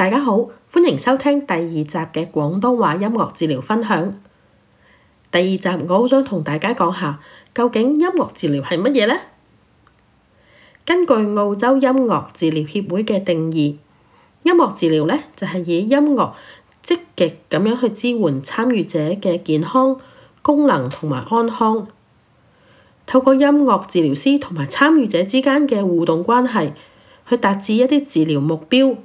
大家好，歡迎收聽第二集嘅廣東話音樂治療分享。第二集我好想同大家講下，究竟音樂治療係乜嘢呢？根據澳洲音樂治療協會嘅定義，音樂治療呢，就係以音樂積極咁樣去支援參與者嘅健康、功能同埋安康，透過音樂治療師同埋參與者之間嘅互動關係，去達至一啲治療目標。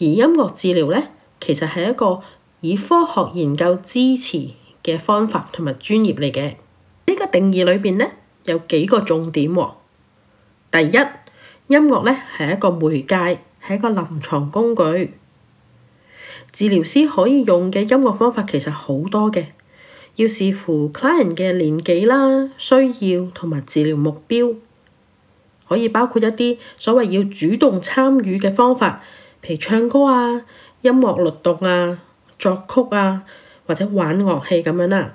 而音樂治療咧，其實係一個以科學研究支持嘅方法同埋專業嚟嘅。呢個定義裏面咧，有幾個重點喎。第一，音樂咧，係一個媒介，係一個臨床工具。治療師可以用嘅音樂方法其實好多嘅，要視乎 client 嘅年紀啦、需要同埋治療目標，可以包括一啲所謂要主動參與嘅方法。譬如唱歌啊、音樂律動啊、作曲啊，或者玩樂器咁樣啦。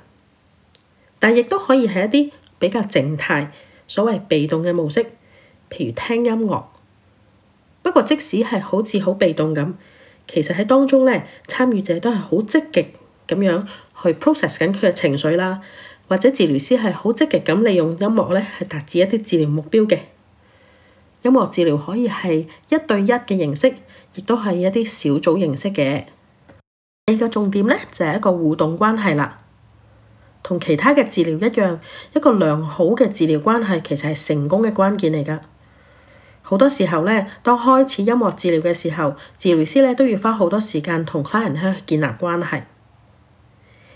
但亦都可以係一啲比較靜態，所謂被動嘅模式，譬如聽音樂。不過，即使係好似好被動咁，其實喺當中咧，參與者都係好積極咁樣去 process 緊佢嘅情緒啦，或者治療師係好積極咁利用音樂咧，去達至一啲治療目標嘅。音樂治療可以係一對一嘅形式。亦都係一啲小組形式嘅，第二個重點咧就係一個互動關係啦。同其他嘅治療一樣，一個良好嘅治療關係其實係成功嘅關鍵嚟㗎。好多時候咧，當開始音樂治療嘅時候，治療師咧都要花好多時間同他人去建立關係。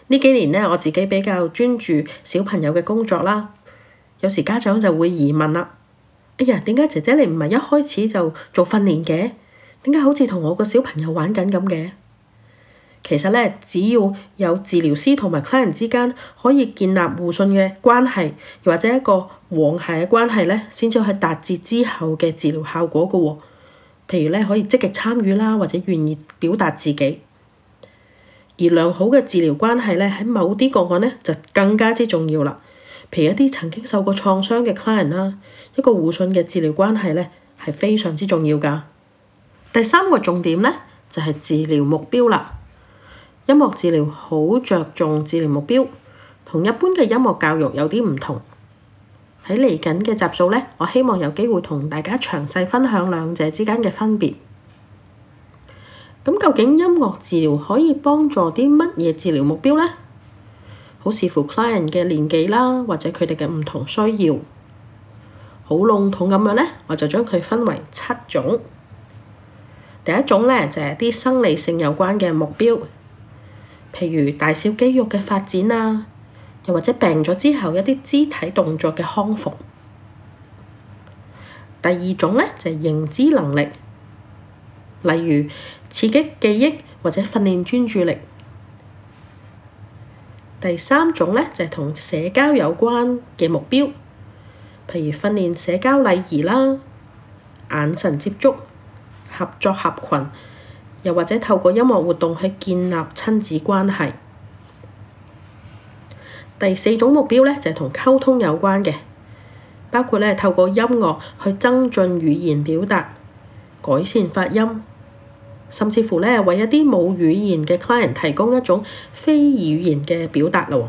呢幾年咧，我自己比較專注小朋友嘅工作啦。有時家長就會疑問啦：「哎呀，點解姐姐你唔係一開始就做訓練嘅？」點解好似同我個小朋友玩緊咁嘅？其實咧，只要有治療師同埋 client 之間可以建立互信嘅關係，又或者一個和諧嘅關係咧，先至係達至之後嘅治療效果㗎喎。譬如咧，可以積極參與啦，或者願意表達自己。而良好嘅治療關係咧，喺某啲個案咧就更加之重要啦。譬如一啲曾經受過創傷嘅 client 啦，一個互信嘅治療關係咧係非常之重要㗎。第三個重點呢，就係治療目標啦。音樂治療好着重治療目標，同一般嘅音樂教育有啲唔同。喺嚟緊嘅集數呢，我希望有機會同大家詳細分享兩者之間嘅分別。咁究竟音樂治療可以幫助啲乜嘢治療目標呢？好視乎 client 嘅年紀啦，或者佢哋嘅唔同需要。好籠統咁樣呢，我就將佢分為七種。第一種咧，就係啲生理性有關嘅目標，譬如大小肌肉嘅發展啊，又或者病咗之後一啲肢體動作嘅康復。第二種咧，就係認知能力，例如刺激記憶或者訓練專注力。第三種咧，就係同社交有關嘅目標，譬如訓練社交禮儀啦、眼神接觸合作合群，又或者透過音樂活動去建立親子關係。第四種目標呢，就係同溝通有關嘅，包括呢透過音樂去增進語言表達、改善發音，甚至乎呢，為一啲冇語言嘅 client 提供一種非語言嘅表達啦喎。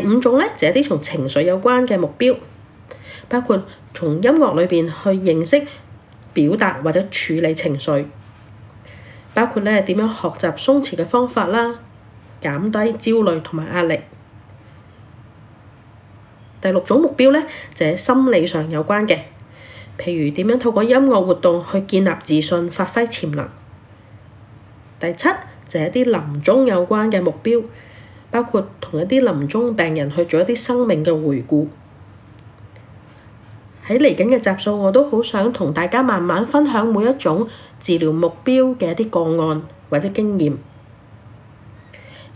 第五種呢，就係啲同情緒有關嘅目標。包括從音樂裏邊去認識、表達或者處理情緒，包括呢，點樣學習鬆弛嘅方法啦，減低焦慮同埋壓力。第六種目標呢，就係、是、心理上有關嘅，譬如點樣透過音樂活動去建立自信、發揮潛能。第七就係、是、一啲臨終有關嘅目標，包括同一啲臨終病人去做一啲生命嘅回顧。喺嚟緊嘅集數，我都好想同大家慢慢分享每一種治療目標嘅一啲個案或者經驗。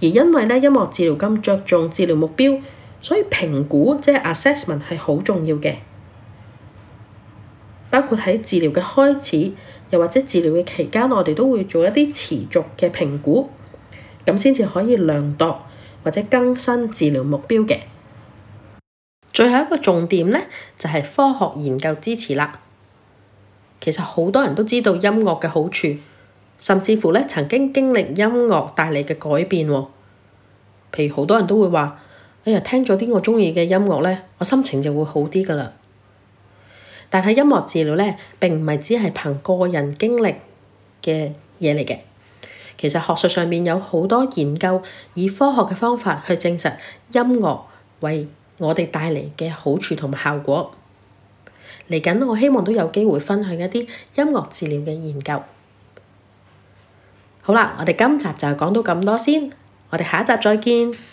而因為呢音樂治療咁着重治療目標，所以評估即係、就是、assessment 係好重要嘅。包括喺治療嘅開始，又或者治療嘅期間，我哋都會做一啲持續嘅評估，咁先至可以量度或者更新治療目標嘅。最後一個重點呢，就係科學研究支持啦。其實好多人都知道音樂嘅好處，甚至乎呢曾經經歷音樂帶嚟嘅改變喎。譬如好多人都會話：哎呀，聽咗啲我鍾意嘅音樂呢，我心情就會好啲㗎啦。但係音樂治療呢，並唔係只係憑個人經歷嘅嘢嚟嘅。其實學術上面有好多研究，以科學嘅方法去證實音樂為我哋帶嚟嘅好處同埋效果嚟緊，我希望都有機會分享一啲音樂治療嘅研究。好啦，我哋今集就講到咁多先，我哋下一集再見。